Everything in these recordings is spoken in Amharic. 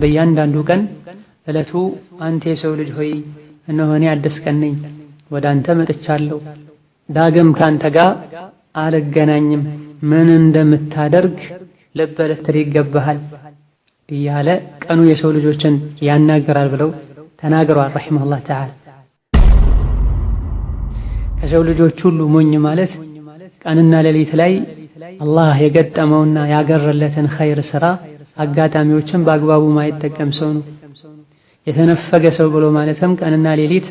በእያንዳንዱ ቀን እለቱ አንተ የሰው ልጅ ሆይ እነሆ እኔ አዲስ ቀን ነኝ፣ ወደ አንተ መጥቻለሁ፣ ዳግም ካንተ ጋር አልገናኝም፣ ምን እንደምታደርግ ልብ ልትል ይገባሃል እያለ ቀኑ የሰው ልጆችን ያናገራል ብለው ተናግረዋል ረሒመሁላህ ተዓላ። ከሰው ልጆች ሁሉ ሞኝ ማለት ቀንና ሌሊት ላይ አላህ የገጠመውና ያገረለትን ኸይር ስራ አጋጣሚዎችን በአግባቡ ማይጠቀም ሰው ነው። የተነፈገ ሰው ብሎ ማለትም ቀንና ሌሊት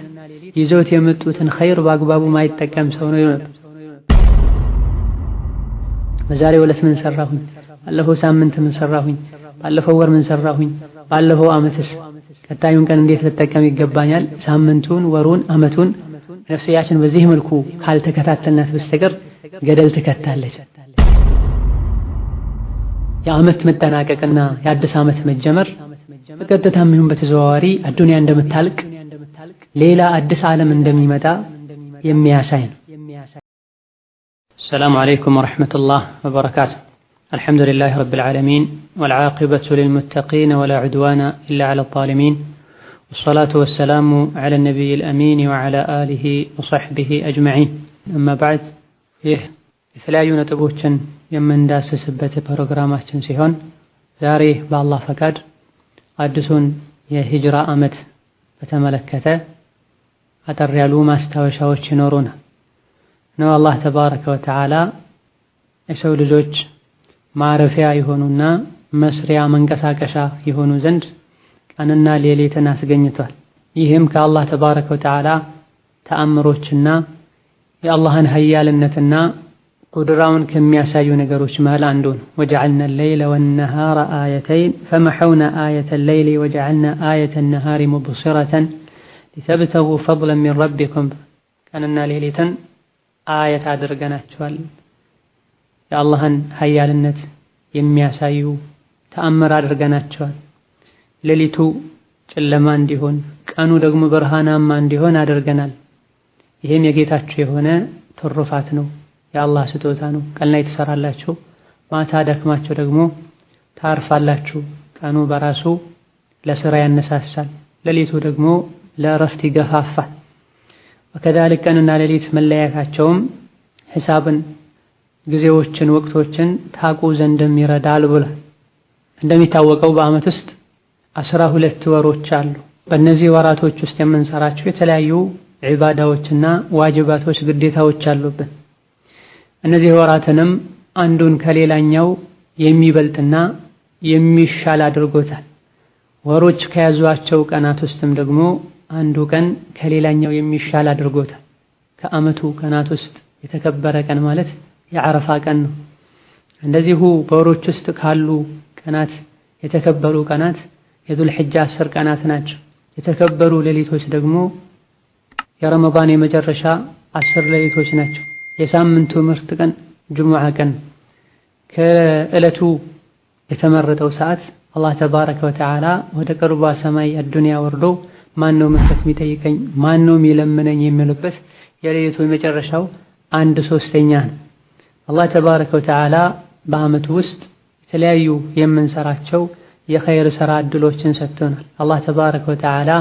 ይዘውት የመጡትን ኸይር በአግባቡ ማይጠቀም ሰው ነው ይሆናል። በዛሬው ዕለት ምን ሰራሁኝ? ባለፈው ሳምንት ምን ሰራሁኝ? ባለፈው ወር ምን ሰራሁኝ? ባለፈው ዓመትስ ቀጣዩን ቀን እንዴት ልጠቀም ይገባኛል? ሳምንቱን፣ ወሩን፣ ዓመቱን ነፍስያችን በዚህ መልኩ ካልተከታተልናት በስተቀር ገደል ትከታለች። የዓመት መጠናቀቅና የአዲስ ዓመት መጀመር በቀጥታ የሚሆን በተዘዋዋሪ አዱንያ እንደምታልቅ ሌላ አዲስ ዓለም እንደሚመጣ የሚያሳይ ነው። ሰላም አለይኩም ወረሕመቱላህ ወበረካቱ። አልሐምዱሊላህ ረብል ዓለሚን ወልዓቂበቱ ሊልሙተቂን ወላ ዑድዋና ኢላ ዐላ ዛሊሚን ወሰላቱ ወሰላሙ ዐላ ነቢይል አሚን ወዐላ አሊሂ ወሰሕቢሂ አጅመዒን። አማ በዕድ ይህ የተለያዩ ነጥቦችን የምንዳስስበት ፕሮግራማችን ሲሆን ዛሬ በአላህ ፈቃድ አዲሱን የሂጅራ ዓመት በተመለከተ አጠር ያሉ ማስታወሻዎች ይኖሩናል። ነው አላህ ተባረከ ወተዓላ የሰው ልጆች ማረፊያ የሆኑና መስሪያ መንቀሳቀሻ የሆኑ ዘንድ ቀንና ሌሊትን አስገኝቷል። ይህም ከአላህ ተባረከ ወተዓላ ተአምሮችና የአላህን ሀያልነትና ቁድራውን ከሚያሳዩ ነገሮች መሃል አንዱ ነው። ወጀዐልና ሌይለ ወነሃረ አየተይን ፈመሐውና አየተ ሌይሊ ወጀዐልና አየተ ነሃሪ ሙብሲረተን ሊተብተጉ ፈድለን ሚን ረቢኩም ቀንና ሌሊትን አየት አድርገናቸዋል። የአላህን ሀያልነት የሚያሳዩ ተአምር አድርገናቸዋል። ሌሊቱ ጨለማ እንዲሆን፣ ቀኑ ደግሞ ብርሃናማ እንዲሆን አድርገናል። ይህም የጌታችሁ የሆነ ትሩፋት ነው። የአላህ ስጦታ ነው። ቀን ላይ ትሰራላችሁ፣ ማታ ደክማችሁ ደግሞ ታርፋላችሁ። ቀኑ በራሱ ለስራ ያነሳሳል፣ ሌሊቱ ደግሞ ለእረፍት ይገፋፋል። ወከዛሊክ ቀንና ሌሊት መለያታቸውም ሂሳብን፣ ጊዜዎችን፣ ወቅቶችን ታቁ ዘንድም ይረዳል ብሏል። እንደሚታወቀው በዓመት ውስጥ አስራ ሁለት ወሮች አሉ። በእነዚህ ወራቶች ውስጥ የምንሰራቸው የተለያዩ ዒባዳዎችና ዋጅባቶች ግዴታዎች አሉብን። እነዚህ ወራትንም አንዱን ከሌላኛው የሚበልጥና የሚሻል አድርጎታል። ወሮች ከያዟቸው ቀናት ውስጥም ደግሞ አንዱ ቀን ከሌላኛው የሚሻል አድርጎታል። ከዓመቱ ቀናት ውስጥ የተከበረ ቀን ማለት የዓረፋ ቀን ነው። እንደዚሁ በወሮች ውስጥ ካሉ ቀናት የተከበሩ ቀናት የዙል አስር ቀናት ናቸው። የተከበሩ ሌሊቶች ደግሞ የረመዳን የመጨረሻ አስር ሌሊቶች ናቸው። የሳምንቱ ምርት ቀን ጁሙዓ ቀን ከእለቱ የተመረጠው ሰዓት አላህ ተባረከ ወተዓላ ወደ ቅርቧ ሰማይ አዱንያ ወርዶ ማን ነው ምሕረት የሚጠይቀኝ ማን ነው የሚለምነኝ የሚልበት የሌሊቱ የመጨረሻው አንድ ሶስተኛ ነው። አላህ ተባረከ ወተዓላ በዓመቱ ውስጥ የተለያዩ የምንሰራቸው የኸይር ስራ እድሎችን ሰጥቶናል። አላህ ተባረከ ወተዓላ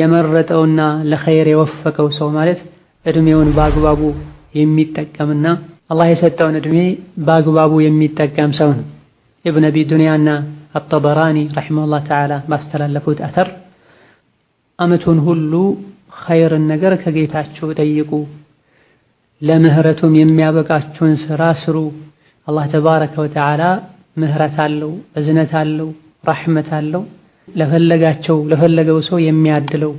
የመረጠውና ለኸይር የወፈቀው ሰው ማለት እድሜውን በአግባቡ የሚጠቀምና አላህ የሰጠውን እድሜ በአግባቡ የሚጠቀም ሰው ነው። ኢብን አቢ ዱንያና አጠበራኒ ረሒመሁላህ ተዓላ ባስተላለፉት አተር አመቱን ሁሉ ኸይርን ነገር ከጌታችሁ ጠይቁ፣ ለምህረቱም የሚያበቃችሁን ስራ ስሩ። አላህ ተባረከ ወተዓላ ምህረት አለው፣ እዝነት አለው፣ ረሕመት አለው ለፈለጋቸው ለፈለገው ሰው የሚያድለው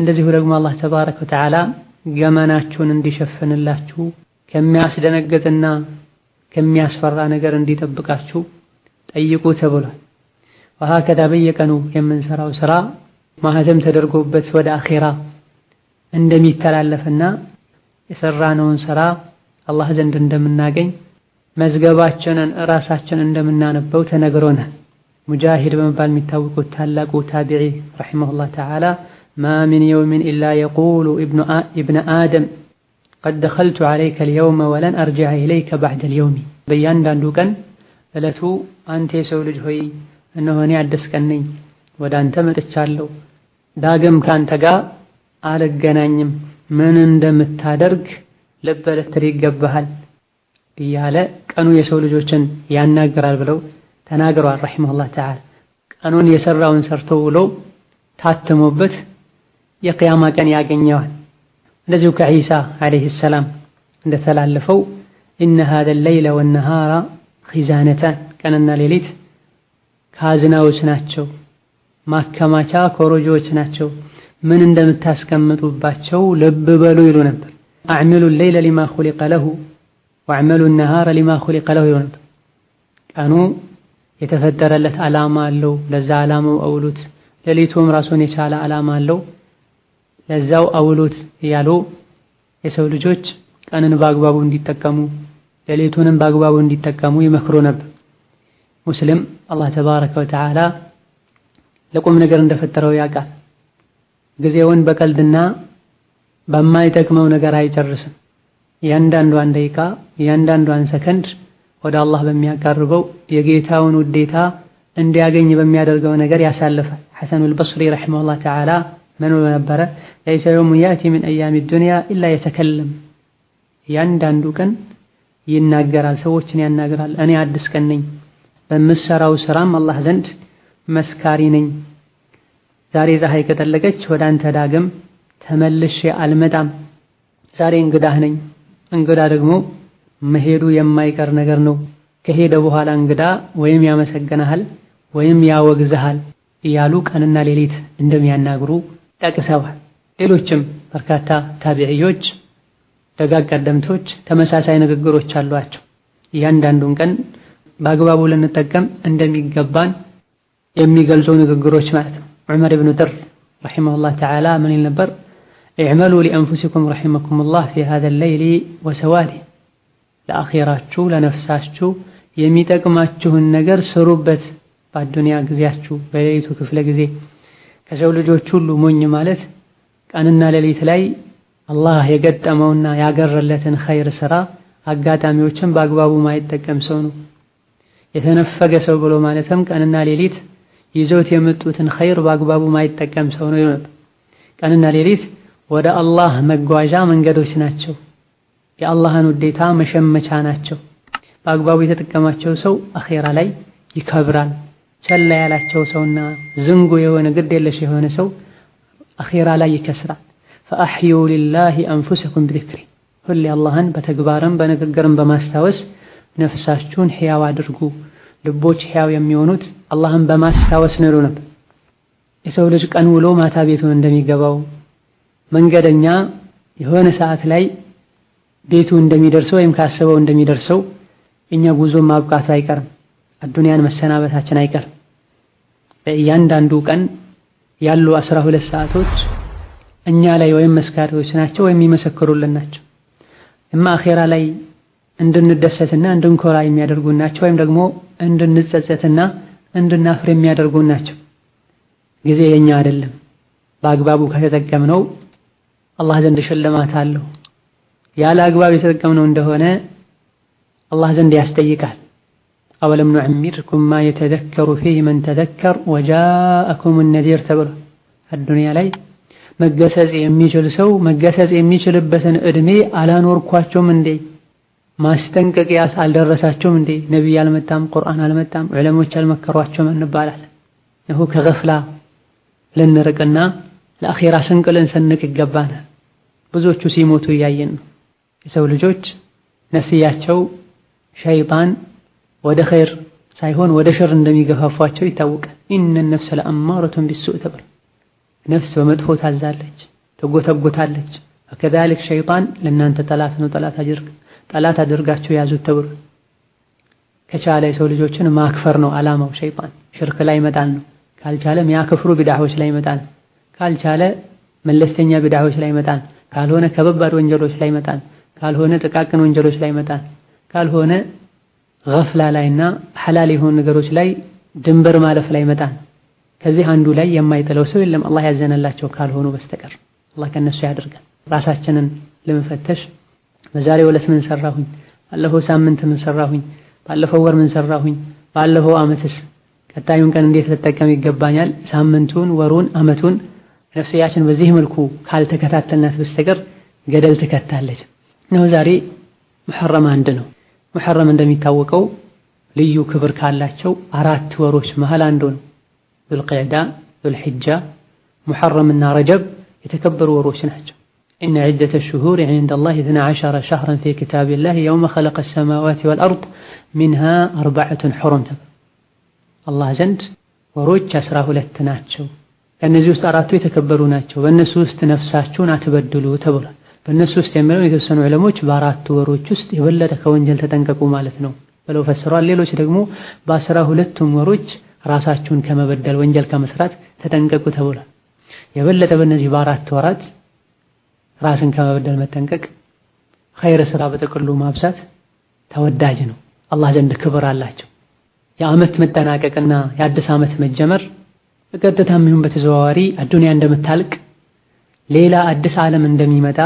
እንደዚሁ ደግሞ አላህ ተባረከ ወተዓላ ገመናችሁን እንዲሸፍንላችሁ ከሚያስደነግጥና ከሚያስፈራ ነገር እንዲጠብቃችሁ ጠይቁ ተብሏል። ወሀከዛ በየቀኑ የምንሰራው ስራ ማህተም ተደርጎበት ወደ አኼራ እንደሚተላለፍና የሰራነውን ስራ አላህ ዘንድ እንደምናገኝ መዝገባችንን ራሳችንን እንደምናነበው ተነግሮናል። ሙጃሂድ በመባል የሚታወቁት ታላቁ ታቢዒ ረሒመሁላህ ተዓላ ማ ሚን የውሚን ኢላ የቁሉ ኢብነ አደም ቀድ ደኸልቱ ዓለይከ አልየውመ ወለን አርጅዐ ኢለይከ ባዕደል የውሚ። በእያንዳንዱ ቀን እለቱ አንተ የሰው ልጅ ሆይ እነሆ እኔ አዲስ ቀን ነኝ፣ ወደ አንተ መጥቻለሁ፣ ዳግም ካንተ ጋር አልገናኝም፣ ምን እንደምታደርግ ልብ ልትል ይገባሃል እያለ ቀኑ የሰው ልጆችን ያናግራል ብለው ተናግረዋል። ረሒመሁላህ ተዓላ ቀኑን የሰራውን ሰርቶ ውሎ ታትሞበት የቅያማ ቀን ያገኘዋል። እንደዚሁ ከዒሳ ዓለይሂ ሰላም እንደተላለፈው ኢነ ሃዘ ለይለ ወነሃራ ኺዛነታን ቀንና ሌሊት ካዝናዎች ናቸው፣ ማከማቻ ኮረጆዎች ናቸው። ምን እንደምታስቀምጡባቸው ልብ በሉ ይሉ ነበር። አዕሚሉ ለይለ ሊማ ኹሊቀ ለሁ ወአዕመሉ ነሃረ ሊማ ኹሊቀ ለሁ ይሉ ነበር። ቀኑ የተፈጠረለት ዓላማ አለው፣ ለዛ ዓላማው አውሉት። ሌሊቱም ራሱን የቻለ ዓላማ አለው ለዛው አውሎት እያሉ የሰው ልጆች ቀንን በአግባቡ እንዲጠቀሙ ሌሊቱንም በአግባቡ እንዲጠቀሙ ይመክሩ ነበር። ሙስሊም አላህ ተባረከ ወተዓላ ለቁም ነገር እንደፈጠረው ያውቃል። ጊዜውን በቀልድና በማይጠቅመው ነገር አይጨርስም። እያንዳንዷን ደቂቃ እያንዳንዷን ሰከንድ ወደ አላህ በሚያቀርበው የጌታውን ውዴታ እንዲያገኝ በሚያደርገው ነገር ያሳልፋል። ሐሰኑል በስሪ ረሒመሁላህ ተዓላ ምን ብሎ ነበረ? ለይሰ የውሙ ያእቲ ሚን አያሚ ዱንያ ኢላ የተከለም እያንዳንዱ ቀን ይናገራል፣ ሰዎችን ያናግራል። እኔ አዲስ ቀን ነኝ፣ በምሰራው ስራም አላህ ዘንድ መስካሪ ነኝ። ዛሬ ፀሐይ ከጠለቀች ወደ አንተ ዳግም ተመልሼ አልመጣም። ዛሬ እንግዳህ ነኝ። እንግዳ ደግሞ መሄዱ የማይቀር ነገር ነው። ከሄደ በኋላ እንግዳ ወይም ያመሰገናሃል ወይም ያወግዝሃል እያሉ ቀንና ሌሊት እንደሚያናግሩ ጠቅሰዋል። ሌሎችም በርካታ ታቢዕዮች፣ ደጋግ ቀደምቶች ተመሳሳይ ንግግሮች አሏቸው። እያንዳንዱን ቀን በአግባቡ ልንጠቀም እንደሚገባን የሚገልጹ ንግግሮች ማለት ነው። ዑመር ኢብኑ ጥር ረሒመሁላህ ተዓላ ምን ይል ነበር? ኢዕመሉ ሊአንፉሲኩም ረሒመኩሙላህ ፊ ሃዘል ለይሊ ወሰዋሊ፣ ለአኼራችሁ ለነፍሳችሁ የሚጠቅማችሁን ነገር ስሩበት፣ በአዱንያ ጊዜያችሁ በሌሊቱ ክፍለ ጊዜ ከሰው ልጆች ሁሉ ሞኝ ማለት ቀንና ሌሊት ላይ አላህ የገጠመውና ያገረለትን ኸይር ስራ አጋጣሚዎችን በአግባቡ ማይጠቀም ሰው ነው። የተነፈገ ሰው ብሎ ማለትም ቀንና ሌሊት ይዘውት የመጡትን ኸይር በአግባቡ ማይጠቀም ሰው ነው። ቀንና ሌሊት ወደ አላህ መጓዣ መንገዶች ናቸው። የአላህን ውዴታ መሸመቻ ናቸው። በአግባቡ የተጠቀማቸው ሰው አኼራ ላይ ይከብራል። ቸላ ያላቸው ሰውና ዝንጉ የሆነ ግድ የለሽ የሆነ ሰው አኺራ ላይ ይከስራል። ፈአሕዩ ሊላሂ አንፉሰኩም ቢዚክሪ ሁሌ አላህን በተግባርም በንግግርም በማስታወስ ነፍሳችሁን ሕያው አድርጉ። ልቦች ሕያው የሚሆኑት አላህን በማስታወስ ነው ይሉ ነበር። የሰው ልጅ ቀን ውሎ ማታ ቤቱን እንደሚገባው መንገደኛ የሆነ ሰዓት ላይ ቤቱ እንደሚደርሰው ወይም ካሰበው እንደሚደርሰው እኛ ጉዞ ማብቃቱ አይቀርም። አዱንያን መሰናበታችን አይቀርም። በእያንዳንዱ ቀን ያሉ አስራ ሁለት ሰዓቶች እኛ ላይ ወይም መስካሪዎች ናቸው ወይም የሚመሰክሩልን ናቸው። እማ አኼራ ላይ እንድንደሰትና እንድንኮራ የሚያደርጉን ናቸው፣ ወይም ደግሞ እንድንጸጸትና እንድናፍር የሚያደርጉን ናቸው። ጊዜ የኛ አይደለም። በአግባቡ ከተጠቀምነው አላህ ዘንድ ሽልማት አለው። ያለ አግባብ የተጠቀምነው እንደሆነ አላህ ዘንድ ያስጠይቃል። አወለም ኑዕሚርኩም ማ የተዘከሩ ፊህ መን ተዘከር ወጃአኩም ነዲር ተብሎ አዱንያ ላይ መገሰጽ የሚችል ሰው መገሰጽ የሚችልበትን እድሜ አላኖርኳቸውም እንዴ? ማስጠንቀቂያስ አልደረሳቸውም እንዴ? ነቢይ አልመጣም፣ ቁርአን አልመጣም፣ ዕለሞች አልመከሯቸውም እንባላለን። ይሁ ከገፍላ ልንርቅና ለአኼራ ስንቅ ልንሰንቅ ይገባናል። ብዙዎቹ ሲሞቱ እያየን ነው። የሰው ልጆች ነስያቸው ሸይጣን ወደ ኸይር ሳይሆን ወደ ሸር እንደሚገፋፏቸው ይታወቃል። ኢነ ነፍሰ ለአማረቱን ቢሱእ ተባለ። ነፍስ በመጥፎ ታዛለች፣ ተጎተጎታለች። ከዛልክ ሸይጣን ለእናንተ ጠላት ነው፣ ጠላት አድርግ ጠላት አድርጋቸው ያዙት ተብሎ ከቻለ የሰው ልጆችን ማክፈር ነው አላማው። ሸይጣን ሽርክ ላይ መጣል ነው፣ ካልቻለ ሚያከፍሩ ቢድዓዎች ላይ መጣል፣ ካልቻለ መለስተኛ ቢድዓዎች ላይ መጣል፣ ካልሆነ ከበባድ ወንጀሎች ላይ መጣል፣ ካልሆነ ጥቃቅን ወንጀሎች ላይ መጣል፣ ካልሆነ ገፍላ ላይና ሐላል የሆኑ ነገሮች ላይ ድንበር ማለፍ ላይ መጣን። ከዚህ አንዱ ላይ የማይጥለው ሰው የለም አላህ ያዘነላቸው ካልሆኑ በስተቀር አላህ ከነሱ ያደርጋል። ራሳችንን ለመፈተሽ በዛሬው ዕለት ምን ሰራሁኝ፣ ባለፈው ሳምንት ምን ሰራሁኝ፣ ባለፈው ወር ምን ሰራሁኝ፣ ባለፈው ዓመትስ ቀጣዩን ቀን እንዴት ልጠቀም ይገባኛል? ሳምንቱን፣ ወሩን፣ ዓመቱን ነፍስያችን በዚህ መልኩ ካልተከታተልናት በስተቀር ገደል ትከታለች ነው። ዛሬ ሙሐረም አንድ ነው። محرم عندما يتوقعوا ليو كبر كالاتشو أرات وروش مهلان دون ذو القعداء ذو الحجة محرم النار رجب يتكبر وروش نحجو إن عدة الشهور عند الله 12 شهرا في كتاب الله يوم خلق السماوات والأرض منها أربعة حرم تب الله زند وروش أسراه لتناتشو كان نزيوس ناتشو يتكبروناتشو والنسوس تنفساتشو نعتبدلو تبولا በእነሱ ውስጥ የሚለው የተወሰኑ ዕለሞች በአራት ወሮች ውስጥ የበለጠ ከወንጀል ተጠንቀቁ ማለት ነው ብለው ፈስረዋል። ሌሎች ደግሞ በአስራ ሁለቱም ወሮች ራሳችሁን ከመበደል ወንጀል ከመስራት ተጠንቀቁ ተብሏል። የበለጠ በእነዚህ በአራት ወራት ራስን ከመበደል መጠንቀቅ፣ ኸይር ስራ በጥቅሉ ማብዛት ተወዳጅ ነው። አላህ ዘንድ ክብር አላቸው። የዓመት መጠናቀቅና የአዲስ ዓመት መጀመር በቀጥታም ይሁን በተዘዋዋሪ አዱንያ እንደምታልቅ ሌላ አዲስ ዓለም እንደሚመጣ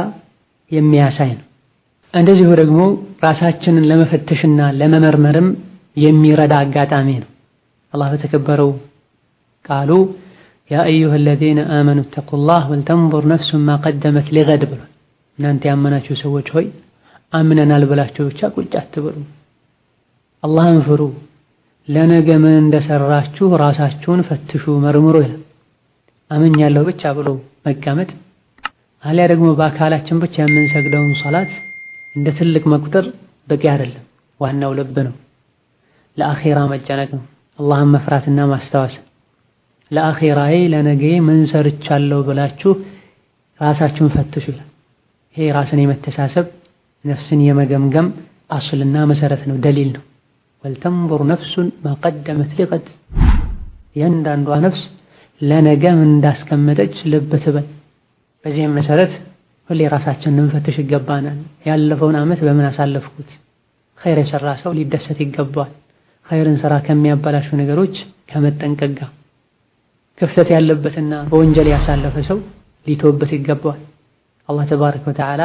የሚያሳይ ነው። እንደዚሁ ደግሞ ራሳችንን ለመፈተሽና ለመመርመርም የሚረዳ አጋጣሚ ነው። አላህ በተከበረው ቃሉ ያ አዩሃ አለዚነ አመኑ ተቁላህ ወልተንዙር ነፍሱን ማቀደመት ሊገድ ብሏል። እናንተ ያመናችሁ ሰዎች ሆይ አምነናል ብላችሁ ብቻ ቁጭ አትበሉ፣ አላህን ፍሩ፣ ለነገ ምን እንደሰራችሁ ራሳችሁን ፈትሹ መርምሩ ይላል። አምኛለሁ ብቻ ብሎ መቀመጥ አሊያ ደግሞ በአካላችን ብቻ የምንሰግደውን ሶላት እንደ ትልቅ መቁጠር በቂ አይደለም። ዋናው ልብ ነው። ለአኼራ መጨነቅ ነው። አላህን መፍራትና ማስታወስ። ለአኼራዬ ለነገ ምን ሰርቻለሁ ብላችሁ ራሳችሁን ፈትሹ ይላል። ይሄ ራስን የመተሳሰብ ነፍስን የመገምገም አስልና መሰረት ነው፣ ደሊል ነው። ወልተንظር ነፍሱን ማቀደመት ሊቀድ እያንዳንዷ ነፍስ ለነገ እንዳስቀመጠች ልብ ትበል። በዚህም መሰረት ሁሌ ራሳችንን እንፈትሽ ይገባናል። ያለፈውን ዓመት በምን አሳለፍኩት? ኸይር የሰራ ሰው ሊደሰት ይገባዋል። ኸይርን ስራ ከሚያበላሹ ነገሮች ከመጠንቀቅ ጋር ክፍተት ያለበትና በወንጀል ያሳለፈ ሰው ሊተውበት ይገባዋል። አላህ ተባረከ ወተዓላ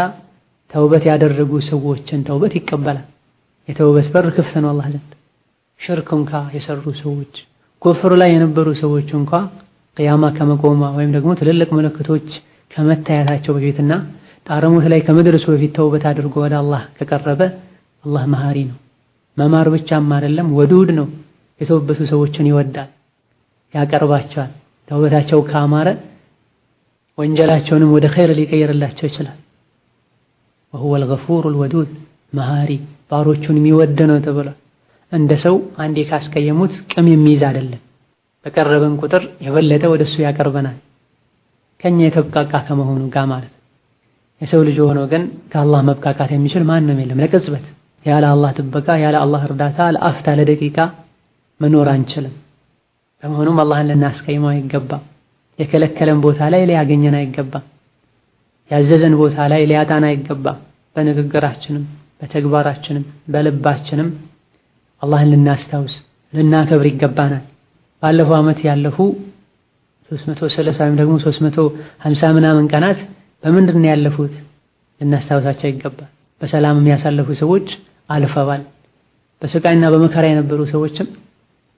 ተውበት ያደረጉ ሰዎችን ተውበት ይቀበላል። የተውበት በር ክፍት ነው አላህ ዘንድ። ሽርክ እንኳ የሰሩ ሰዎች ኩፍር ላይ የነበሩ ሰዎች እንኳ ቅያማ ከመቆሟ ወይም ደግሞ ትልልቅ ምልክቶች ከመታያታቸው በፊትና ጣረሞት ላይ ከመድረሱ በፊት ተውበት አድርጎ ወደ አላህ ከቀረበ አላህ መሃሪ ነው። መማር ብቻም አይደለም ወዱድ ነው። የተወበሱ ሰዎችን ይወዳል፣ ያቀርባቸዋል። ተውበታቸው ካማረ ወንጀላቸውንም ወደ ኸይር ሊቀይርላቸው ይችላል። ወሁወል ገፉሩል ወዱድ መሃሪ ባሮቹን የሚወድ ነው ተብሏል። እንደ ሰው አንዴ ካስቀየሙት ቅም የሚይዝ አይደለም። በቀረበን ቁጥር የበለጠ ወደሱ ያቀርበናል። ከኛ የተብቃቃ ከመሆኑ ጋር ማለት የሰው ልጅ ሆኖ ግን ከአላህ መብቃቃት የሚችል ማንም የለም። ለቅጽበት ያለ አላህ ጥበቃ ያለ አላህ እርዳታ ለአፍታ ለደቂቃ መኖር አንችልም። በመሆኑም አላህን ልናስቀይመው አይገባም። የከለከለን ቦታ ላይ ሊያገኘን አይገባም። ያዘዘን ቦታ ላይ ሊያጣን አይገባም። በንግግራችንም በተግባራችንም በልባችንም አላህን ልናስታውስ ልናከብር ይገባናል። ባለፈው ዓመት ያለፉ 330 ወይም ደግሞ 350 ምናምን ቀናት በምንድን ነው ያለፉት? ልናስታውሳቸው ይገባል። በሰላም የሚያሳለፉ ሰዎች አልፈዋል። በስቃይና በመከራ የነበሩ ሰዎችም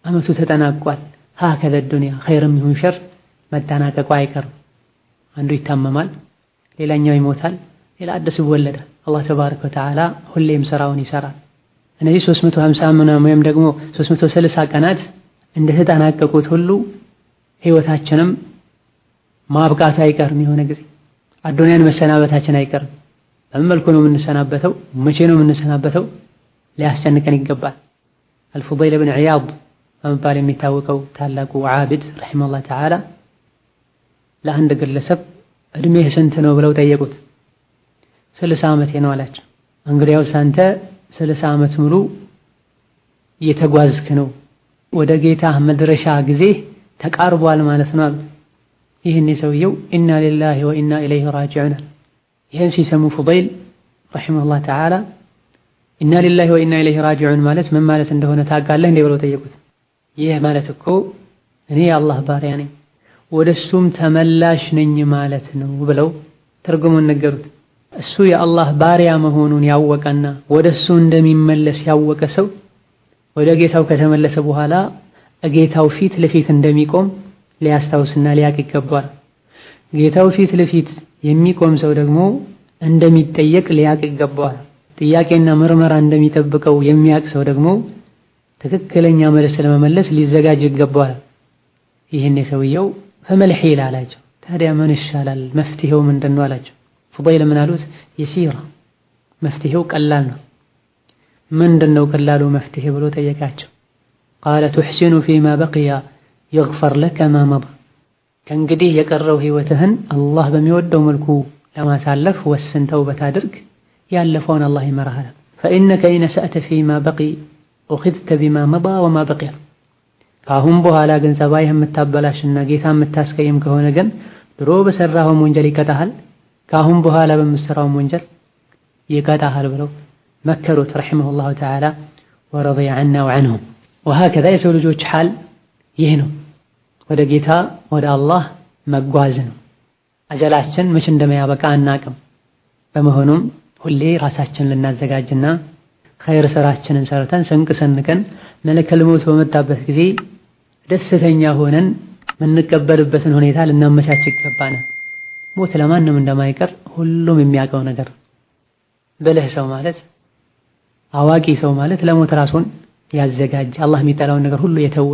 አመቱ ተጠናቋል። ሀከለ ዱንያ ኸይርም ይሁን ሸር መጠናቀቁ አይቀርም። አንዱ ይታመማል፣ ሌላኛው ይሞታል፣ ሌላ አዲስ ይወለዳል። አላህ ተባረከ ወተዓላ ሁሌም ስራውን ይሰራል። እነዚህ 350 ምናምን ወይም ደግሞ 330 ቀናት እንደተጠናቀቁት ሁሉ ህይወታችንም ማብቃቱ አይቀርም። የሆነ ጊዜ አዱንያን መሰናበታችን አይቀርም። በምን መልኩ ነው የምንሰናበተው? መቼ ነው የምንሰናበተው? ሊያስጨንቀን ይገባል። አልፉደይል ብን ዒያድ በመባል የሚታወቀው ታላቁ ዓቢድ ረሒመሁላህ ተዓላ ለአንድ ግለሰብ እድሜህ ስንት ነው ብለው ጠየቁት። ስልሳ ዓመቴ ነው አላቸው። እንግዲያውስ አንተ ስልሳ ዓመት ሙሉ እየተጓዝክ ነው። ወደ ጌታ መድረሻ ጊዜ ተቃርቧል ማለት ነው። ይህን ሰውየው ኢና ሊላሂ ወኢና ኢለይሂ ራጂዑን። ይህን ሲሰሙ ፉደይል ረሒመሁላህ ተዓላ ኢና ሊላሂ ወኢና ኢለይሂ ራጅዑን ማለት ምን ማለት እንደሆነ ታውቃለህ እንዴ ብለው ጠየቁት። ይህ ማለት እኮ እኔ የአላህ ባሪያ ነኝ ወደሱም ተመላሽ ነኝ ማለት ነው ብለው ትርጉሙን ነገሩት። እሱ የአላህ ባሪያ መሆኑን ያወቀና ወደሱ እንደሚመለስ ያወቀ ሰው ወደ ጌታው ከተመለሰ በኋላ ጌታው ፊት ለፊት እንደሚቆም ሊያስታውስና ሊያቅ ይገባል። ጌታው ፊት ለፊት የሚቆም ሰው ደግሞ እንደሚጠየቅ ሊያቅ ይገባዋል። ጥያቄና ምርመራ እንደሚጠብቀው የሚያቅ ሰው ደግሞ ትክክለኛ መልስ ለመመለስ ሊዘጋጅ ይገባዋል። ይህን የሰውየው ፈመልሄ ይላላቸው ታዲያ ምን ይሻላል? መፍትሄው ምንድን ነው አላቸው። ፉበይል ምን አሉት? የሲራ መፍትሄው ቀላል ነው። ምንድን ነው ቀላሉ መፍትሄ ብሎ ጠየቃቸው። ቃለ ቱሕሲኑ ፊማ በቅያ ይግፈር ለከ ማ መዳ ከእንግዲህ የቀረው ህይወትህን አላህ በሚወደው መልኩ ለማሳለፍ ወስን፣ ተውበት አድርግ። ያለፈውን አላህ ይመራሃል። ፈኢነከ ኢነሰእተ ፊማ በቂ ኡኽዝተ ቢማ መዳ ወማ በቅያ። ከአሁን በኋላ ግን ጸባይህ የምታበላሽና ጌታ የምታስቀይም ከሆነ ግን ድሮ በሠራኸውም ወንጀል ይቀጣሃል፣ ከአሁን በኋላ በምትሠራውም ወንጀል ይቀጣሃል ብለው መከሩት ረሒመሁላሁ ተዓላ ወረድያ ዐና ወዐንሁም ውሃ ከዛ የሰው ልጆች ሐል ይህ ነው። ወደ ጌታ ወደ አላህ መጓዝ ነው። አጀላችን መቼ እንደሚያበቃ አናቅም። በመሆኑም ሁሌ ራሳችን ልናዘጋጅና ኸይር ስራችንን ሰርተን ስንቅ ሰንቀን መለከል ሞት በመጣበት ጊዜ ደስተኛ ሆነን የምንቀበልበትን ሁኔታ ልናመቻች ይገባና ሞት ለማንም እንደማይቀር ሁሉም የሚያውቀው ነገር ብልህ ሰው ማለት አዋቂ ሰው ማለት ለሞት ራሱን ያዘጋጀ አላህ የሚጠላውን ነገር ሁሉ የተወ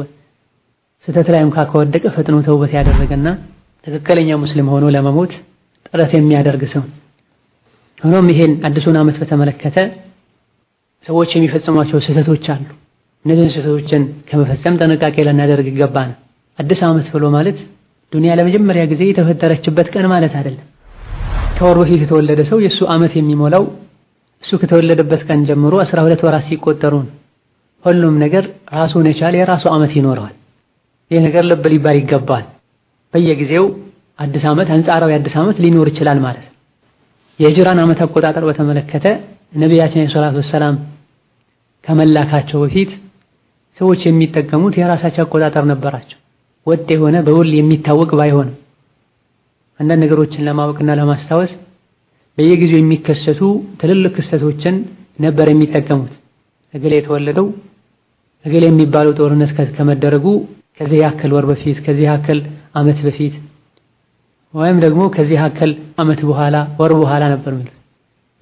ስህተት ላይ እንኳ ከወደቀ ፈጥኖ ተውበት ያደረገና ትክክለኛ ሙስሊም ሆኖ ለመሞት ጥረት የሚያደርግ ሰው። ሆኖም ይሄን አዲሱን ዓመት በተመለከተ ሰዎች የሚፈጽሟቸው ስህተቶች አሉ። እነዚህን ስህተቶችን ከመፈጸም ጥንቃቄ ልናደርግ ይገባል። አዲስ ዓመት ብሎ ማለት ዱንያ ለመጀመሪያ ጊዜ የተፈጠረችበት ቀን ማለት አይደለም። ከወር በፊት የተወለደ ሰው የእሱ ዓመት የሚሞላው እሱ ከተወለደበት ቀን ጀምሮ አስራ ሁለት ወራት ሲቆጠሩ ነው። ሁሉም ነገር ራሱን የቻለ የራሱ ዓመት ይኖረዋል። ይህ ነገር ልብ ሊባል ይገባል። በየጊዜው አዲስ ዓመት አንጻራዊ አዲስ ዓመት ሊኖር ይችላል ማለት ነው። የሂጅራን ዓመት አቆጣጠር በተመለከተ ነቢያችን ዓለይሂ ሰላቱ ወሰላም ከመላካቸው በፊት ሰዎች የሚጠቀሙት የራሳቸው አቆጣጠር ነበራቸው። ወጥ የሆነ በውል የሚታወቅ ባይሆንም አንዳንድ ነገሮችን ለማወቅና ለማስታወስ በየጊዜው የሚከሰቱ ትልልቅ ክስተቶችን ነበር የሚጠቀሙት እገሌ የተወለደው እገሌ የሚባለው ጦርነት ከመደረጉ ከዚህ ያክል ወር በፊት ከዚህ ያክል ዓመት በፊት ወይም ደግሞ ከዚህ ያክል ዓመት በኋላ ወር በኋላ ነበር ማለት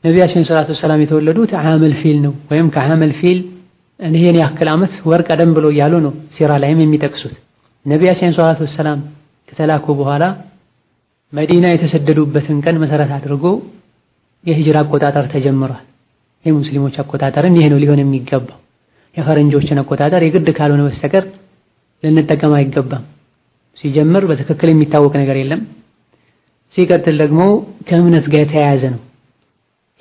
ነቢያችን ሰለላሁ ዐለይሂ ወሰለም የተወለዱት ዓመል ፊል ነው ወይም ከዓመል ፊል ይሄን ያክል ዓመት ወር ቀደም ብሎ እያሉ ነው ሲራ ላይም የሚጠቅሱት። ነቢያችን ሰለላሁ ዐለይሂ ወሰለም ከተላኩ በኋላ መዲና የተሰደዱበትን ቀን መሰረት አድርጎ የሂጅራ አቆጣጠር ተጀምሯል። የሙስሊሞች አቆጣጠርም ይሄ ነው ሊሆን የሚገባው። የፈረንጆችን አቆጣጠር የግድ ካልሆነ በስተቀር ልንጠቀም አይገባም። ሲጀምር በትክክል የሚታወቅ ነገር የለም። ሲቀጥል ደግሞ ከእምነት ጋር የተያያዘ ነው።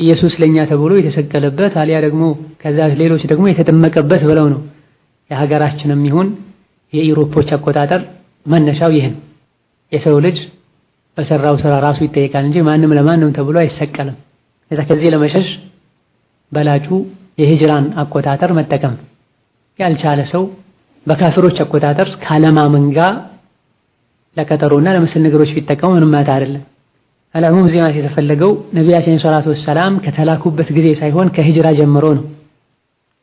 ኢየሱስ ለኛ ተብሎ የተሰቀለበት አሊያ ደግሞ ከዛ ሌሎች ደግሞ የተጠመቀበት ብለው ነው። የሀገራችንም ይሁን የኢሮፖች አቆጣጠር መነሻው ይህ የሰው ልጅ በሰራው ስራ ራሱ ይጠየቃል እንጂ ማንም ለማንም ተብሎ አይሰቀልም። ከዚህ ለመሸሽ በላጩ የሂጅራን አቆጣጠር መጠቀም ያልቻለ ሰው በካፍሮች አቆጣጠር ካለማመን ጋር ለቀጠሮና ለምስል ነገሮች ቢጠቀሙ ምንም ማለት አይደለም። አልዕሙም እዚህ የተፈለገው ነቢያችን ሰላቱ ወሰላም ከተላኩበት ጊዜ ሳይሆን ከሂጅራ ጀምሮ ነው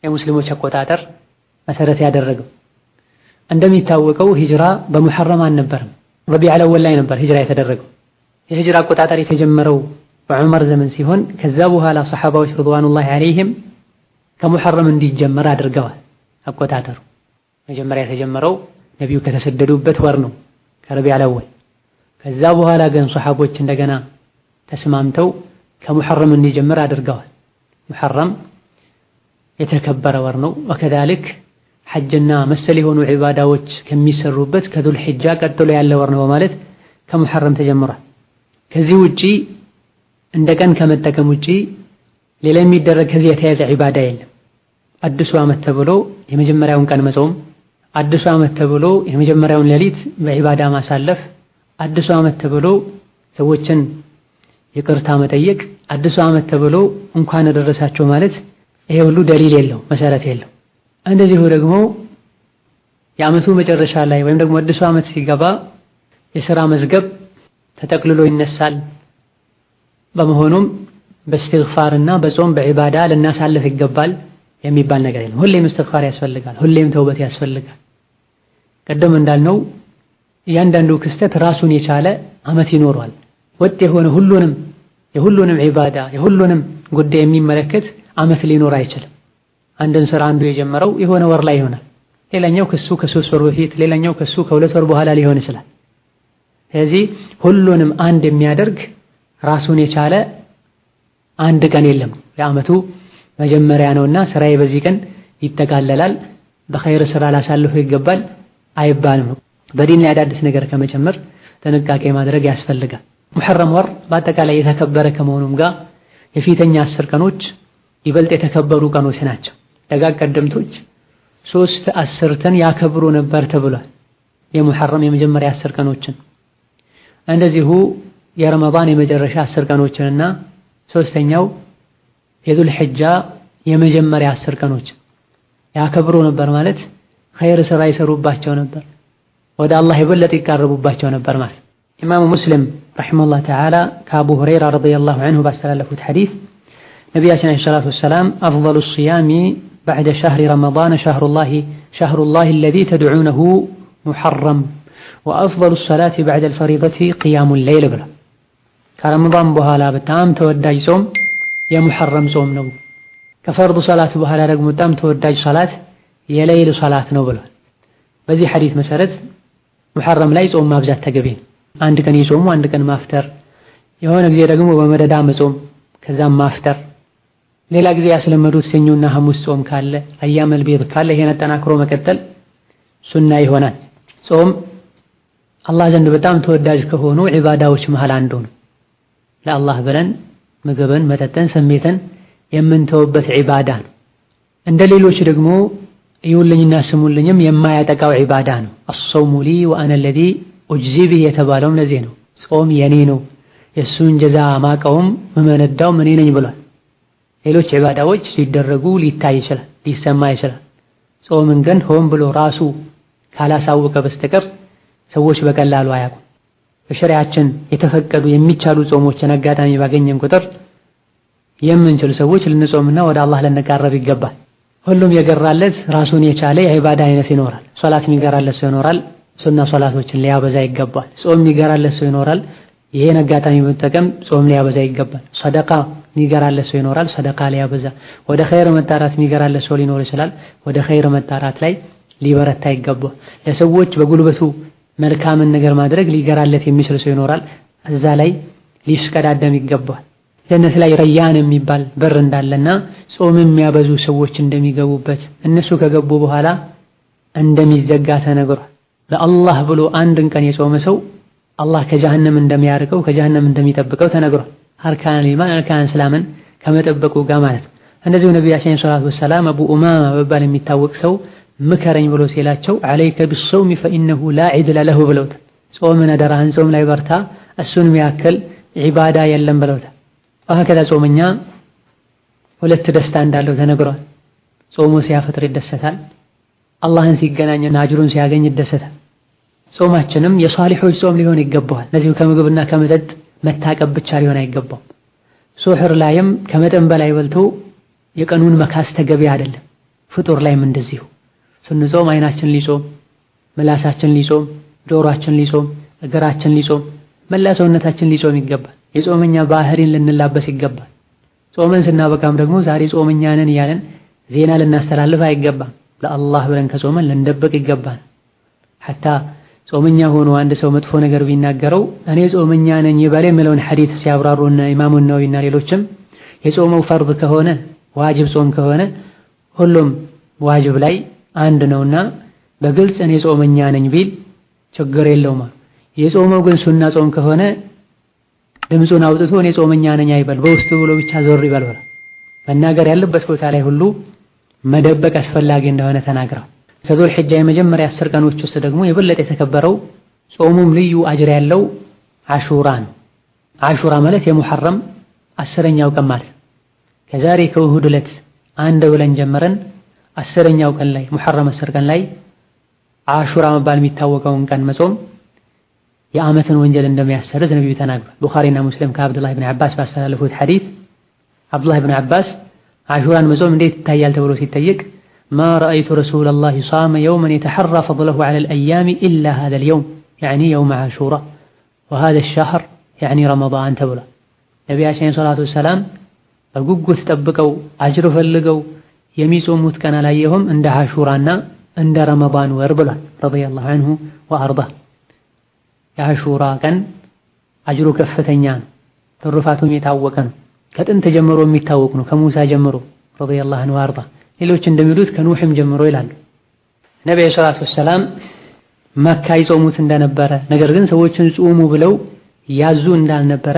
የሙስሊሞች አቆጣጠር መሰረት ያደረገው። እንደሚታወቀው ሂጅራ በሙሐረም አልነበርም፣ ረቢዑል አወል ላይ ነበር ሂጅራ የተደረገው። የሂጅራ አቆጣጠር የተጀመረው በዑመር ዘመን ሲሆን ከዛ በኋላ ሰሐባዎች ርድዋኑላሂ አለይህም። ከሙሐረም እንዲጀመር አድርገዋል። አቆጣጠሩ መጀመሪያ የተጀመረው ነቢዩ ከተሰደዱበት ወር ነው ከረቢዑል አወል። ከዛ በኋላ ግን ሰሓቦች እንደገና ተስማምተው ከሙሐረም እንዲጀምር አድርገዋል። ሙሐረም የተከበረ ወር ነው። ወከዛልክ ሐጅና መሰል የሆኑ ዒባዳዎች ከሚሰሩበት ከዙል ሒጃ ቀጥሎ ያለ ወር ነው በማለት ከሙሐረም ተጀምሯል። ከዚህ ውጪ እንደ ቀን ከመጠቀም ውጪ ሌላ የሚደረግ ከዚህ የተያዘ ዒባዳ የለም። አዲሱ ዓመት ተብሎ የመጀመሪያውን ቀን መጾም፣ አዲሱ ዓመት ተብሎ የመጀመሪያውን ሌሊት በዒባዳ ማሳለፍ፣ አዲሱ ዓመት ተብሎ ሰዎችን ይቅርታ መጠየቅ፣ አዲሱ ዓመት ተብሎ እንኳን ደረሳቸው ማለት ይሄ ሁሉ ደሊል የለው መሰረት የለው። እንደዚሁ ደግሞ የዓመቱ መጨረሻ ላይ ወይም ደግሞ አዲሱ ዓመት ሲገባ የሥራ መዝገብ ተጠቅልሎ ይነሳል። በመሆኑም በእስትግፋርና በጾም በዒባዳ ልናሳልፍ ይገባል። የሚባል ነገር የለም። ሁሌም እስትግፋር ያስፈልጋል። ሁሌም ተውበት ያስፈልጋል። ቀደም እንዳልነው እያንዳንዱ ክስተት ራሱን የቻለ አመት ይኖረዋል። ወጥ የሆነ ሁሉንም የሁሉንም ዒባዳ የሁሉንም ጉዳይ የሚመለከት አመት ሊኖር አይችልም። አንድን ስራ አንዱ የጀመረው የሆነ ወር ላይ ይሆናል። ሌላኛው ከሱ ከሶስት ወር በፊት፣ ሌላኛው ከሱ ከሁለት ወር በኋላ ሊሆን ይችላል። ስለዚህ ሁሉንም አንድ የሚያደርግ ራሱን የቻለ አንድ ቀን የለም የአመቱ መጀመሪያ ነውና ስራዬ በዚህ ቀን ይጠቃለላል፣ በኸይር ስራ ላሳልፈው ይገባል አይባልም። በዲን ላይ አዳዲስ ነገር ከመጨመር ጥንቃቄ ማድረግ ያስፈልጋል። ሙሐረም ወር በአጠቃላይ የተከበረ ከመሆኑም ጋር የፊተኛ አስር ቀኖች ይበልጥ የተከበሩ ቀኖች ናቸው። ደጋግ ቀደምቶች ሶስት አስርትን ያከብሩ ነበር ተብሏል። የሙሐረም የመጀመሪያ አስር ቀኖችን እንደዚሁ የረመዳን የመጨረሻ አስር ቀኖችንና ሶስተኛው የዱል ሕጃ የመጀመሪያ አስር ቀኖች ያከብሩ ነበር ማለት ኸይር ስራ ይሰሩባቸው ነበር፣ ወደ አላህ የበለጠ ይቃረቡባቸው ነበር ማለት። ኢማሙ ሙስሊም ረሒመሁላህ ተዓላ ከአቡ ሁረይራ ረዲየላሁ ዐንሁ ባስተላለፉት ሐዲስ ነቢያችን ዐለይሂ ሰላቱ ወሰላም አፍደሉ ሲያሚ በዕደ ሻህሪ ረመዳን ሻህሩላሂ አለዚ ተድዑነሁ ሙሐረም ወአፍደሉ ሰላቲ በዕደል ፈሪደቲ ቅያሙል ለይል ብሏል። ከረመዳን በኋላ በጣም ተወዳጅ ጾም የሙሐረም ጾም ነው። ከፈርዱ ሰላት በኋላ ደግሞ በጣም ተወዳጅ ሰላት የሌይል ሰላት ነው ብሏል። በዚህ ሐዲት መሰረት ሙሐረም ላይ ጾም ማብዛት ተገቢ ነው። አንድ ቀን የጾሙ አንድ ቀን ማፍጠር የሆነ ጊዜ ደግሞ በመደዳ መጾም ከዛም ማፍጠር ሌላ ጊዜ ያስለመዱት ሰኞና ሐሙስ ጾም ካለ አያመል ቤት ካለ ይሄን አጠናክሮ መቀጠል ሱና ይሆናል። ጾም አላህ ዘንድ በጣም ተወዳጅ ከሆኑ ዒባዳዎች መሃል አንዱ ነው። ለአላህ ብለን ምግብን፣ መጠጥን፣ ስሜትን የምንተውበት ዒባዳ ነው። እንደ ሌሎች ደግሞ ይውልኝና ስሙልኝም የማያጠቃው ዒባዳ ነው። አሶሙ ሊ ወአነ ለዚ ኡጅዚ ቢህ የተባለውም ለዚህ ነው። ጾም የኔ ነው የእሱን ጀዛ ማቀውም መመነዳውም እኔ ነኝ ብሏል። ሌሎች ዒባዳዎች ሲደረጉ ሊታይ ይችላል፣ ሊሰማ ይችላል። ጾምን ግን ሆን ብሎ ራሱ ካላሳወቀ በስተቀር ሰዎች በቀላሉ አያውቁም። በሸሪያችን የተፈቀዱ የሚቻሉ ጾሞችን አጋጣሚ ባገኘን ቁጥር የምንችል ሰዎች ልንጾምና ወደ አላህ ልንቃረብ ይገባል። ሁሉም የገራለት ራሱን የቻለ የዒባዳ አይነት ይኖራል። ሶላት የሚገራለት ሰው ይኖራል፣ ሱና ሶላቶችን ሊያበዛ ይገባል። ጾም የሚገራለት ሰው ይኖራል፣ ይሄን አጋጣሚ በመጠቀም ጾም ሊያበዛ ይገባል። ሰደቃ የሚገራለት ሰው ይኖራል፣ ሰደቃ ሊያበዛ። ወደ ኸይር መጣራት የሚገራለት ሰው ሊኖር ይችላል፣ ወደ ኸይር መጣራት ላይ ሊበረታ ይገባል። ለሰዎች በጉልበቱ መልካምን ነገር ማድረግ ሊገራለት የሚችል ሰው ይኖራል። እዛ ላይ ሊሽቀዳደም ይገባል። ጀነት ላይ ረያን የሚባል በር እንዳለና ጾም የሚያበዙ ሰዎች እንደሚገቡበት እነሱ ከገቡ በኋላ እንደሚዘጋ ተነግሯል። ለአላህ ብሎ አንድን ቀን የጾመ ሰው አላህ ከጀሃነም እንደሚያርቀው ከጀሃነም እንደሚጠብቀው ተነግሯል። አርካን ኢማን አርካን እስላምን ከመጠበቁ ጋር ማለት ነው። እንደዚሁ ነቢያችን ሰለላሁ ዐለይሂ ወሰለም አቡ ኡማማ በመባል የሚታወቅ ሰው ምከረኝ ብሎ ሲላቸው ዓለይከ ቢሰውሚ ፈኢነሁ ላ ዒድለ ለሁ ብለውታል። ጾምን አደራህን ጾም ላይ በርታ፣ እሱን የሚያክል ዒባዳ የለም ብለውታል። ወሀከዛ ጾመኛ ሁለት ደስታ እንዳለው ተነግሯል። ጾሙ ሲያፈጥር ይደሰታል፣ አላህን ሲገናኝና አጅሩን ሲያገኝ ይደሰታል። ጾማችንም የሷሊሖች ጾም ሊሆን ይገባዋል። እነዚሁ ከምግብና ከመጠጥ መታቀብ ብቻ ሊሆን አይገባም። ሱሕር ላይም ከመጠን በላይ በልቶ የቀኑን መካስ ተገቢ አይደለም። ፍጡር ላይም እንደዚሁ ስንጾም አይናችን ሊጾም፣ ምላሳችን ሊጾም፣ ጆሮአችን ሊጾም፣ እግራችን ሊጾም፣ መላ ሰውነታችን ሊጾም ይገባል። የጾመኛ ባህሪን ልንላበስ ይገባል። ጾመን ስናበቃም ደግሞ ዛሬ ጾመኛ ነን እያለን ዜና ልናስተላልፍ አይገባም። ለአላህ ብለን ከጾመን ልንደብቅ ይገባል። ሐታ ጾመኛ ሆኖ አንድ ሰው መጥፎ ነገር ቢናገረው እኔ ጾመኛ ነኝ ይበል የሚለውን ሐዲት ሲያብራሩና ኢማሙ ነዋዊና ሌሎችም የጾመው ፈርድ ከሆነ ዋጅብ ጾም ከሆነ ሁሉም ዋጅብ ላይ አንድ ነውና በግልጽ እኔ ጾመኛ ነኝ ቢል ችግር የለውም። የጾመው ግን ሱና ጾም ከሆነ ድምፁን አውጥቶ እኔ ጾመኛ ነኝ አይበል፣ በውስጡ ብሎ ብቻ ዞር ይበል። መናገር ያለበት ቦታ ላይ ሁሉ መደበቅ አስፈላጊ እንደሆነ ተናግረው። ከዙል ሒጃ የመጀመሪያ አስር ቀኖች ውስጥ ደግሞ የበለጠ የተከበረው ጾሙም ልዩ አጅር ያለው አሹራ ነው። አሹራ ማለት የሙሐረም አስረኛው ቀን ማለት ከዛሬ ከእሁድ ዕለት አንድ ብለን ጀመረን አስረኛው ቀን ላይ ሙሐረም አስር ቀን ላይ አሹራ መባል የሚታወቀውን ቀን መጾም የዓመትን ወንጀል እንደሚያሰርዝ ነቢዩ ተናግሯል። ቡኻሪና ሙስሊም ከአብዱላህ ብን አባስ ባስተላለፉት ሐዲስ አብዱላህ ብን አባስ አሹራን መጾም እንዴት ይታያል ተብሎ ሲጠይቅ ማ ረአይቱ ረሱለላሂ ሷመ የውመን የተሐራ ፈድለሁ ዐለል አያሚ ኢላ ሀዘል የውም ያዕኒ የውመ አሹራ ወሀዘል ሻህር ያዕኒ ረመዳን ተብሏል። ነቢያችን ሰላቱ ወሰላም በጉጉት ጠብቀው አጅር ፈልገው የሚጾሙት ቀን አላየሁም እንደ አሹራና እንደ ረመዳን ወር ብሏል። ረዲየላሁ አንሁ ወአርዳ። የአሹራ ቀን አጅሩ ከፍተኛ ነው። ትሩፋቱም የታወቀ ነው። ከጥንት ጀምሮ የሚታወቅ ነው። ከሙሳ ጀምሮ ረዲየላሁ አንሁ ወአርዳ። ሌሎች እንደሚሉት ከኑሕም ጀምሮ ይላሉ። ነቢዩ ሰላቱ ወሰላም መካ ይጾሙት እንደነበረ ነገር ግን ሰዎችን ጾሙ ብለው ያዙ እንዳልነበረ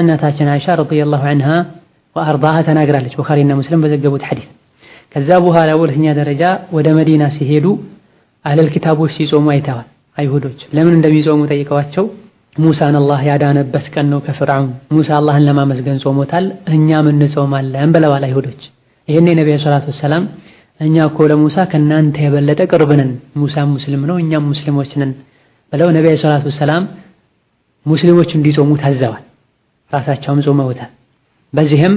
እናታችን አይሻ ረዲየላሁ አንሃ ወአርዳሃ ተናግራለች። ቡኻሪና ሙስሊም በዘገቡት ሐዲስ ከዛ በኋላ ሁለተኛ ደረጃ ወደ መዲና ሲሄዱ አህለል ኪታቦች ሲጾሙ አይተዋል። አይሁዶች ለምን እንደሚጾሙ ጠይቀዋቸው ሙሳን አላህ ያዳነበት ቀን ነው ከፍርዓውን ሙሳ አላህን ለማመስገን ጾሞታል፣ እኛም እንጾማለን ብለዋል አይሁዶች። ይህኔ ነቢዩ ሰላቱ ወሰላም እኛ እኮ ለሙሳ ከእናንተ የበለጠ ቅርብ ነን፣ ሙሳም ሙስሊም ነው፣ እኛም ሙስሊሞች ነን ብለው ነቢ ሰላቱ ወሰላም ሙስሊሞች እንዲጾሙ ታዘዋል። ራሳቸውም ጾመውታል። በዚህም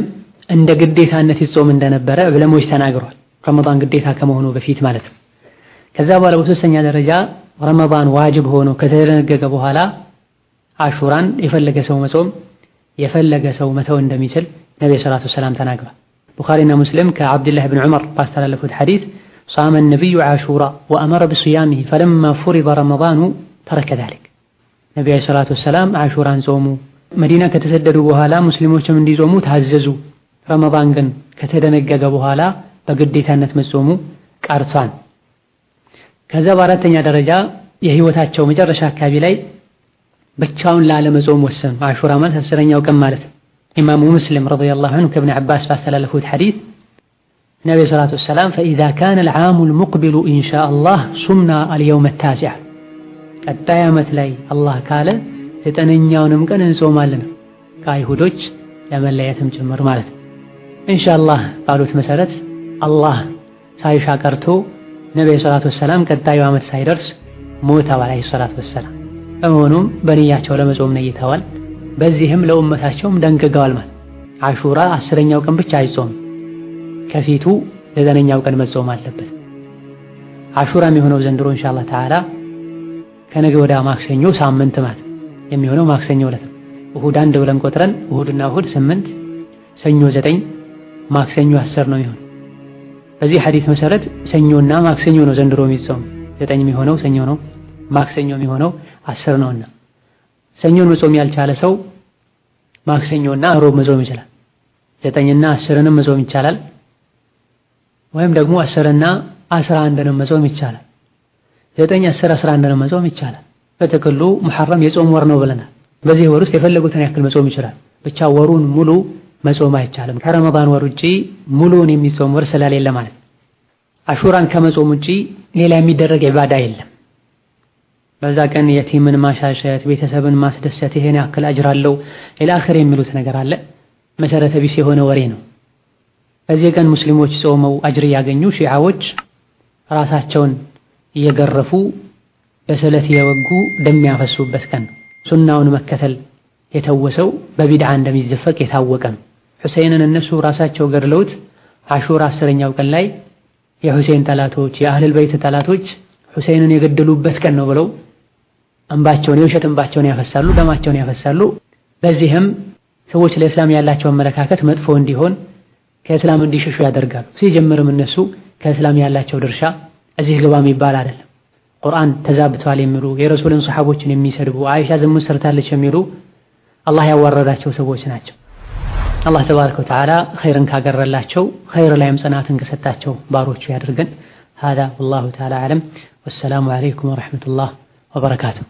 እንደ ግዴታነት ይጾም እንደነበረ ዕለሞች ተናግሯል። ረመዳን ግዴታ ከመሆኑ በፊት ማለት ነው። ከዛ በኋላ በሶስተኛ ደረጃ ረመዳን ዋጅብ ሆኖ ከተደነገገ በኋላ አሹራን የፈለገ ሰው መጾም የፈለገ ሰው መተው እንደሚችል ነቢ ሰለላሁ ዐለይሂ ተናግሯል። ቡኻሪና ሙስሊም ከአብዱላህ ብን ዑመር ባስተላለፉት ሐዲስ ሷመ ነብዩ አሹራ ወአመረ ብስያሚሂ ፈለማ ፉሪደ ረመዳኑ ተረከ ዛሊክ። ነብዩ ሰለላሁ ዐለይሂ አሹራን ጾሙ። መዲና ከተሰደዱ በኋላ ሙስሊሞችም እንዲጾሙ ታዘዙ። ረመዳን ግን ከተደነገገ በኋላ በግዴታነት መጾሙ ቀርቷል። ከዛ በአራተኛ ደረጃ የህይወታቸው መጨረሻ አካባቢ ላይ ብቻውን ላለመጾም ወሰኑ። አሹራ ማለት አስረኛው ቀን ማለት ነው። ኢማሙ ሙስሊም ረዲየላሁ ዐንሁ ከእብን ዐባስ ባስተላለፉት ሐዲስ ነቢዩ ሰላቱ ወሰላም ፈኢዛ ካነ ልዓሙ ልሙቅቢሉ ኢንሻአላህ ሱምና አልየውመ ታሲዓ ቀጣይ ዓመት ላይ አላህ ካለ ዘጠነኛውንም ቀን እንጾማለን ከአይሁዶች ለመለየትም ጭምር ማለት ነው። ኢንሻአላህ ባሉት መሰረት አላህ ሳይሻ ቀርቶ ነብዩ ሰላቱ ወሰላም ቀጣዩ ዓመት ሳይደርስ ሞተዋል። አለይሂ ሰላቱ ወሰላም በመሆኑም በንያቸው ለመጾም ነይተዋል። በዚህም ለኡመታቸውም ደንግገዋል። ማለት አሹራ አስረኛው ቀን ብቻ አይጾም ከፊቱ ዘጠነኛው ቀን መጾም አለበት። አሹራ የሚሆነው ዘንድሮ ኢንሻአላህ ተዓላ ከነገ ወዲያ ማክሰኞ ሳምንት ማለት የሚሆነው ማክሰኞ ዕለት ነው። እሁድ አንድ ብለን ቆጥረን እሁድና እሁድ ስምንት ሰኞ ዘጠኝ ማክሰኞ አስር ነው የሚሆን። በዚህ ሐዲስ መሰረት ሰኞና ማክሰኞ ነው ዘንድሮ የሚጾም። ዘጠኝ የሚሆነው ሰኞ ነው፣ ማክሰኞ የሚሆነው አስር ነውና ሰኞን መጾም ያልቻለ ሰው ማክሰኞና ሮብ መጾም ይችላል። ዘጠኝና አስርንም መጾም ይቻላል። ወይም ደግሞ አስርና አስራ አንድንም መጾም ይቻላል። ዘጠኝ አስር አስራ አንድንም መጾም ይቻላል። በጥቅሉ መሐረም የጾም ወር ነው ብለናል። በዚህ ወር ውስጥ የፈለጉትን ያክል መጾም ይችላል። ብቻ ወሩን ሙሉ መጾም አይቻልም ከረመዳን ወር ውጪ ሙሉውን የሚጾም ወር ስለሌለ ማለት አሹራን ከመጾም ውጪ ሌላ የሚደረግ ዒባዳ የለም። በዛ ቀን የቲምን ማሻሸት፣ ቤተሰብን ማስደሰት ይሄን ያክል አጅር አለው ኢላ አኺር የሚሉት ነገር አለ። መሰረተ ቢስ የሆነ ወሬ ነው። በዚህ ቀን ሙስሊሞች ጾመው አጅር ያገኙ ሺዓዎች ራሳቸውን እየገረፉ በስለት እየወጉ ደም ያፈሱበት ቀን ሱናውን መከተል የተወሰው በቢድዓ እንደሚዘፈቅ የታወቀ ነው። ሁሴይንን እነሱ ራሳቸው ገድለውት አሹር አስረኛው ቀን ላይ የሁሴን ጠላቶች የአህልል በይት ጠላቶች ሁሴይንን የገደሉበት ቀን ነው ብለው እንባቸውን የውሸት እንባቸውን ያፈሳሉ፣ ደማቸውን ያፈሳሉ። በዚህም ሰዎች ለእስላም ያላቸው አመለካከት መጥፎ እንዲሆን ከእስላም እንዲሸሹ ያደርጋሉ። ሲጀምርም እነሱ ከእስላም ያላቸው ድርሻ እዚህ ግባ የሚባል አይደለም። ቁርአን ተዛብቷል የሚሉ የረሱልን ሰሐቦችን የሚሰድቡ አይሻ ዝሙት ሰርታለች የሚሉ አላህ ያዋረዳቸው ሰዎች ናቸው። አላህ ተባረከ ወተዓላ ኸይርን ካገረላቸው ኸይር ላይም ጽናትን ከሰጣቸው ባሮቹ ያድርገን። ሀዛ ወላሁ ተዓላ አዕለም። ወሰላሙ አለይኩም ወረሕመቱላህ ወበረካቱሁ።